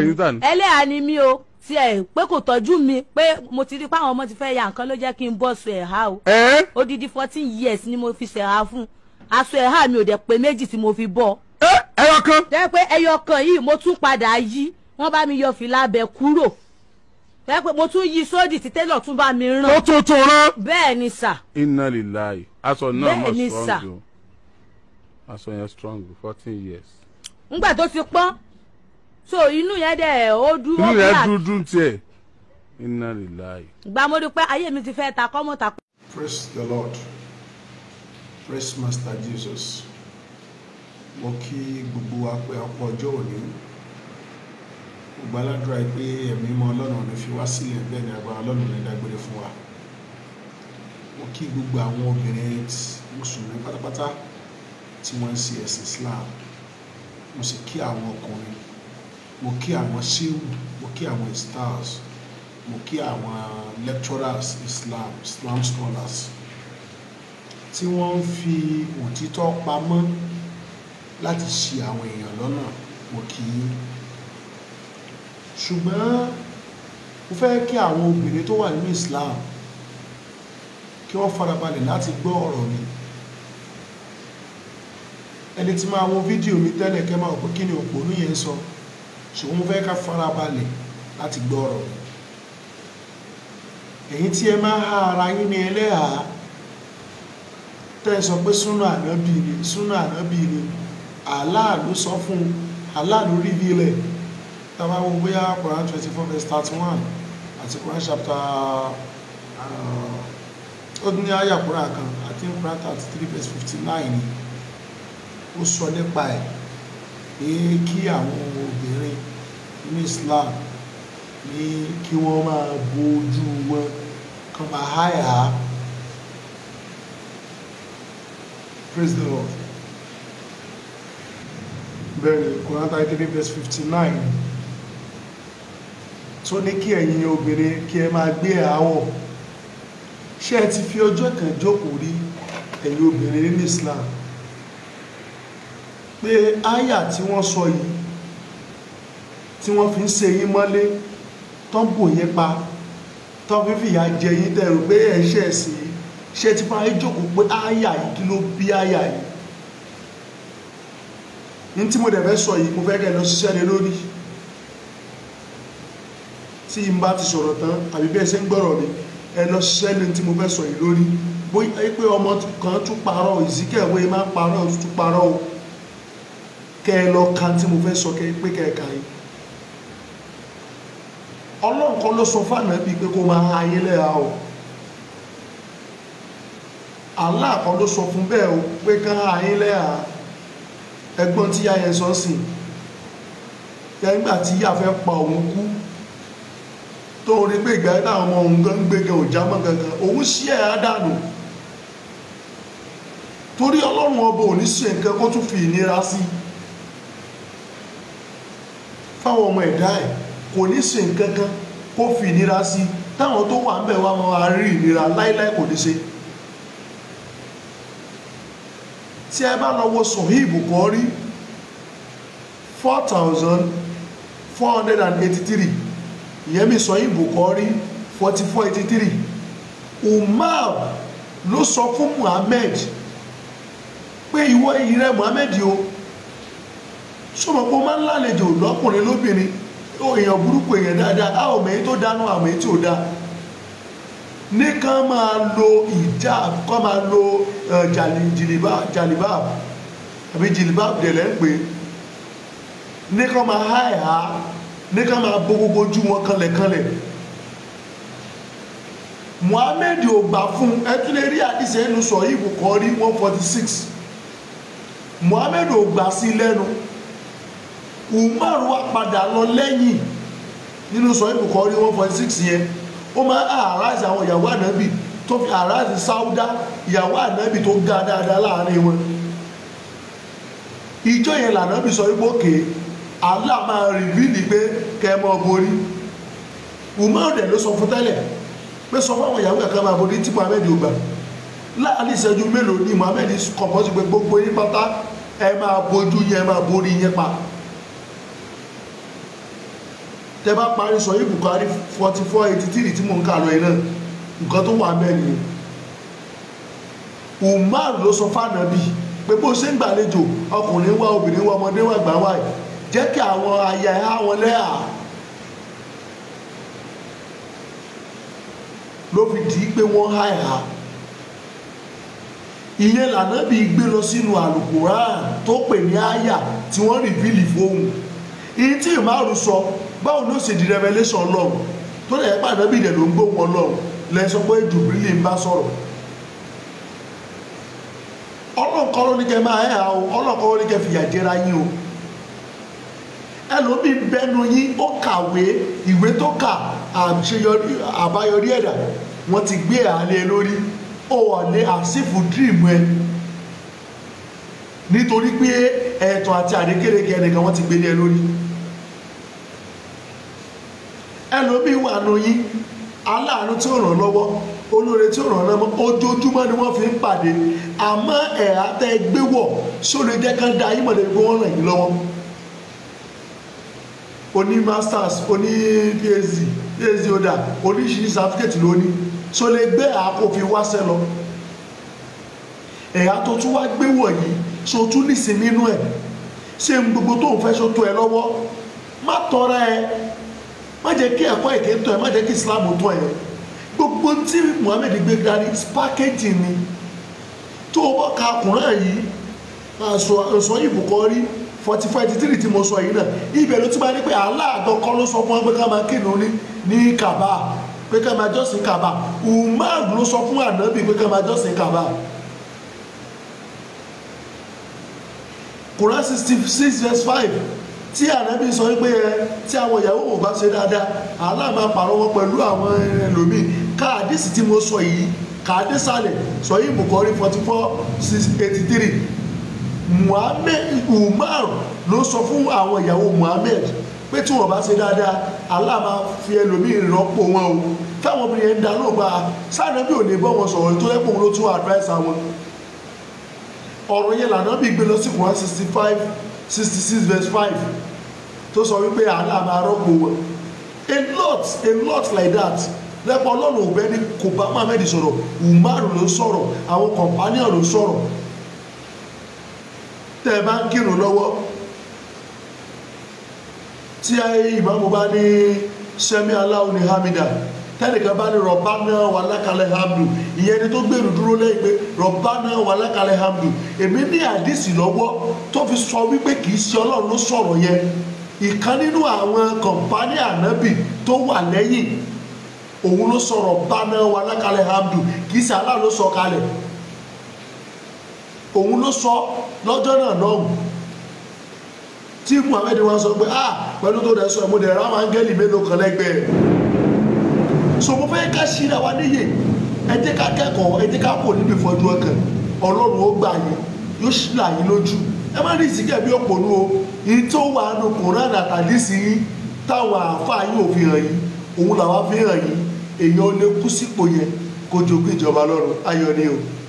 ẹlẹ́yà ni mí o ti ẹ̀ pé kò tọ́jú mi pé mo ti rí pé àwọn ọmọ ti fẹ́ ya nǹkan ló jẹ́ kí n bọ́ sọ ẹ̀ o odidi fourteen years ni mo fi sọ ẹ̀ ha fún aṣọ ẹ̀ ha mi ò dẹ̀ pé méjì tí mo fi bọ́. ẹyọ kan. jẹ́ pé ẹyọ kan yìí mo tún padà yí wọ́n bá mi yọ fìlà abẹ kúrò jẹ́ pé mo tún yí sódì tí tẹ́lọ̀ tún bá mi rán. ó tún tún rán. bẹ́ẹ̀ ni sà. iná lè láàyè aṣọ náà mọ̀ strong o aṣọ yẹn strong fourteen years. ngbà tó ti pọ́n so inú yẹn dẹ ó dúró bí àti. inú yẹn dúdú tiẹ̀ iná rè láàyè. gbàmọ́dé pé ayé mi ti fẹ́ ta kọ́mọ́ ta. praise the lord praise master jesus mo kí gbogbo wa pé ọkọ̀ ọjọ́ òní gbogbo aládùúrà yìí pé ẹ̀mí mọ́ ọlọ́run ní fi wá sílẹ̀ bẹ́ẹ̀ ni agbára ọlọ́run ní dágbére fún wa mo kí gbogbo àwọn obìnrin mùsùlùmí pátápátá tí wọ́n ń ṣe ẹ̀sìn islam mo sì kí àwọn ọkùnrin mo kí àwọn síwù mo kí àwọn stars mo kí àwọn lecturers islam islam scholars tí wọ́n ń fi òtítọ́ pamọ́ láti ṣì àwọn èèyàn lọ́nà mo kí yín ṣùgbọ́n mo fẹ́ kí àwọn obìnrin tó wà nínú islam kí wọ́n farabalẹ̀ láti gbọ́ ọ̀rọ̀ mi ẹni tí máa wo fídíò mi tẹ́lẹ̀ kẹ́ máa wò pé kí ni òpònú yẹn sọ. So ṣùgbọ́n mo fẹ́ ká farabalẹ̀ láti gbọ́ ọ̀rọ̀ ẹ̀yin tí ẹ máa ha ara yín ní ẹlẹ́hàá tẹ́ ẹ sọ pé súnà ànábì ni súnà ànábì ni Allah ló sọ fún un Allah ló rí bí ilẹ̀ tá a bá wo bóyá Quran twenty four verse thirty one àti Quran chapter uh, ó ní àyà Quran kan àti Quran thirty three verse fifty nine ó sọ nípa ẹ̀ pé kí àwọn obìnrin ní Islam ní kí wọ́n máa bo ojú wọn kán máa háyà á praise the Lord bẹ́ẹ̀ni Quran thirty three verse fifty nine tó ní kí ẹ̀yin obìnrin kí ẹ máa gbé àwọ̀ ṣé ẹ ti fi ọjọ́ kan jókòó rí ẹ̀yin obìnrin nínú Islam pé àyà tí wọ́n sọ yìí tí wọ́n fi ń ṣe yín mọ́lé tán bò yín pa tán fi fìyà jẹ yín tẹ̀rù pé ẹ̀ṣẹ̀ sí i ṣé ti fara jókòó pé àyà yìí kí ló bí àyà yìí ní tí mo dẹ̀ fẹ́ sọ yìí mo fẹ́ kẹ́ lọ ṣiṣẹ́ lé lórí tí n bá ti sọ̀rọ̀ tán àbí bẹ́ẹ̀ ṣe ń gbọ́rọ̀ mi ẹ lọ ṣiṣẹ́ lé tí mo fẹ́ sọ yìí lórí bóyá pé ọmọ kan tún parọ́ ìsíkẹ̀wé máa parọ́ tún parọ́ o. kẹ́ ẹ lọ kan tí mo fẹ sọ kẹ́ pé ẹ kà ọlọ́run kan ló sọ fáànà bíi pé kó máa ayé lẹ́yà o Allah kan ló sọ fún bẹ́ẹ̀ o pé kán ayé lẹ́yà ẹgbọ́n tí sọ sí tí ya fẹ́ pa òun kú tó ń rí pé ìgbà yẹn táwọn ọmọ òun gan gangan òun ṣí torí ọlọ́run ọba fáwọn ọmọ ẹ̀dá ẹ̀ kò ní ṣe nǹkan kan kó fi ìnira sí i táwọn tó wà ń bẹ̀ wá máa rí ìnira láíláí kò ní ṣe. tí ẹ bá lọ wo Sahih Bukhari four thousand four hundred and eighty three ìyẹn mi Sahih Bukhari forty four eighty three Umar ló sọ fún Muhammad pé ìwọ ìrẹ Muhammad o sọ̀rọ̀ pé ó máa ń lálejò lọ́kùnrin lóbìnrin èèyàn burúkú èèyàn dáadáa a ò mẹ́yìn tó dáná àmọ́ èyí tí ò dáa ní kán máa lo ìjà kán máa lo jàlìbáàbù àbí jìlìbáàbù dẹ̀ lẹ́ ń pè ní kán máa há ẹ̀ há ní kán máa bó gbogbo ojú wọn kanlẹ̀kanlẹ̀ Muhammed ò gbà fún ẹ àdìsẹ́ ẹnu sọ yìí rí one forty six Muhammed ò gbà sí lẹ́nu. No umar wá padà lọ lẹ́yìn nínú sọ ibùkọ́rí one point six yẹn ó máa àráàzì àwọn ìyàwó ànábì tó fi àráàzì sáúdá ìyàwó ànábì tó ga dáadáa láàrin wọn ìjọ yẹn lànábì sọ wípé òkè Allah máa rìvíìlì pé kẹ́ ẹ máa borí umar dẹ̀ ló sọ fún tẹ́lẹ̀ pé sọ fún àwọn ìyàwó kankan máa borí tí Muhammed ò gbà láàrin ìṣẹ́jú mélòó ni Muhammed kọ̀ọ̀kan sí pé gbogbo yín pátá ẹ máa bojú yẹn ẹ máa borí yẹn pa tẹ bá parí sọ yìí Bukhari forty four eighty three tí mò ń kà lọ yìí náà nǹkan tó wà bẹ́ẹ̀ nìyẹn Umar ló sọ fànàbí pé bó ṣe ń gbàlejò ọkùnrin wá obìnrin wá ọmọdé wá gbà wá jẹ́ kí àwọn aya ẹ̀ á wọn lẹ́à ló fi dì í pé wọ́n há ẹ̀há ìyẹn lànà bí gbé lọ sínú àlùkùrán tó pè ní àyà tí wọ́n rìbílì fóun èyí tí ìmárùn sọ báwo ló ṣe di revelation ọlọ́run tó lè pa ànábì rẹ̀ ló ń gbóhùn ọlọ́run lẹ sọ pé jùbílì ń bá sọ̀rọ̀ ọlọ́run kọ́ ló ní kẹ́ máa ẹ̀hà o ọlọ́run kọ́ ló ní kẹ́ fìyà jẹra yín o ẹlòmíì bẹnu yín ó kàwé ìwé tó kà àṣeyọrí àbáyọrí ẹ̀dá wọ́n ti gbé àlẹ́ e lórí ó wà ní àṣìfù dírìmù ẹ nítorí pé ẹ̀tàn àti àdékèrèkè ẹnìkan wọ́n ti gbélé ẹ lórí ẹlòmíín wà nù yín aláàánú tí ó ràn lọ́wọ́ olóore tí ó ràn lọ́wọ́ ojoojúmọ́ ni wọ́n fi ń pàdé àmọ́ ẹ̀hà tẹ́ ẹ gbé wọ̀ sórí jẹ́ kán da ayímọ̀ lè gbọ́ ràn yín lọ́wọ́ oní masters oní phd phd oda, dà oníṣìí certificate ló ní so lè gbé àkófin wáṣẹ lọ ẹ̀hà tó tún wá gbé wọ̀ yìí ṣe o tún nìsín nínú ẹ̀ ṣe ń gbogbo tó ń fẹ́ ṣe tó ẹ lọ́wọ́ má tọrọ ẹ má jẹ́ kí ẹ̀kọ́ èké tọ́ ẹ má jẹ́ kí Islam tọ́ ẹ gbogbo tí Muhammed gbé dání pákéjì ni tó o bá ka Kùrán yìí àṣọ ìbùkọ́ rí forty five eighty three tí mo sọ yìí náà ibẹ̀ ló ti máa ní pé aláàdọ́kọ́ ló sọ fún wọn pé ká máa kírun ní ní Kaaba pé ká máa jọ́sìn Kaaba Umar ló sọ fún ànábì pé ká máa jọ́sìn Kaaba. Quran sixty six verse five tí ànábì sọ wípé ẹ tí àwọn ìyàwó wọn bá ṣe dáadáa Allah máa pàrọwọ́ pẹ̀lú àwọn ẹlòmíì káàdìsì tí mo sọ yìí kàdísàlẹ̀ sọ yìí Bukhari forty four six eighty three Muhammed Umar ló sọ fún àwọn ìyàwó Muhammed pé tí wọn bá ṣe dáadáa Allah máa fi ẹlòmíì rọ́pò wọn o táwọn obìnrin yẹn ń dáná gba sáà nàbí ò lè bọ́ wọn sọ̀rọ̀ tó yẹ kóun ló tún àdúrà ẹ̀sà wọn ọ̀rọ̀ yẹn lànà bí gbé lọ sí one sixty five sixty six verse five tó sọ wípé àlà máa rọ́pò wọn a lot a lot like that lẹ́pọ̀ ọlọ́run ògbẹ́ ní kò bá mohammed sọ̀rọ̀ umar ló sọ̀rọ̀ àwọn companion ló sọ̀rọ̀ tẹ́ ẹ bá ń kírun lọ́wọ́ tí ìmáàmù bá ní sẹ́mi aláwo ní hamida tẹnìkan bá ní rọbánà wà lákàlẹ̀ hamdu ìyẹn ni tó gbèrú dúró lẹ́yìn pé rọbánà wà lákàlẹ̀ hamdu èmi ní àdìsí lọ́wọ́ tó fi sọ wípé kì í ṣe ọlọ́run ló sọ̀rọ̀ yẹn ìkan nínú àwọn kọ̀ǹpánì ànábì tó wà lẹ́yìn òun ló sọ̀rọ̀ bánà wà lákàlẹ̀ hamdu kì í ṣe aláà ló sọ kalẹ̀ òun ló sọ lọ́jọ́ náà lọ́hùn tí muhammed wá sọ pé ah pẹ̀lú tó dẹ̀ sọ ẹ̀ mo dẹ̀ ráwọn mélòó kan lẹ́gbẹ̀ẹ́ so mo fẹ́ ká ṣíra wa níyè ẹ jẹ́ ká kẹ́kọ̀ọ́ ẹ jẹ́ ká kò níbi ìfọ̀jú ọkàn ọlọ́run ó gbà yín yóò ṣíra yín lójú ẹ má rí ìsìnkẹ́ bí ọ̀pọ̀ nu o èyí tó wà nù kòrán àtàlí sí yín táwọn àáfàá yín ò fi hàn yín òun làwọn fi hàn yín èèyàn ó lè kú sípò yẹn kó jogún ìjọba lọ́run ayọ̀ ni o.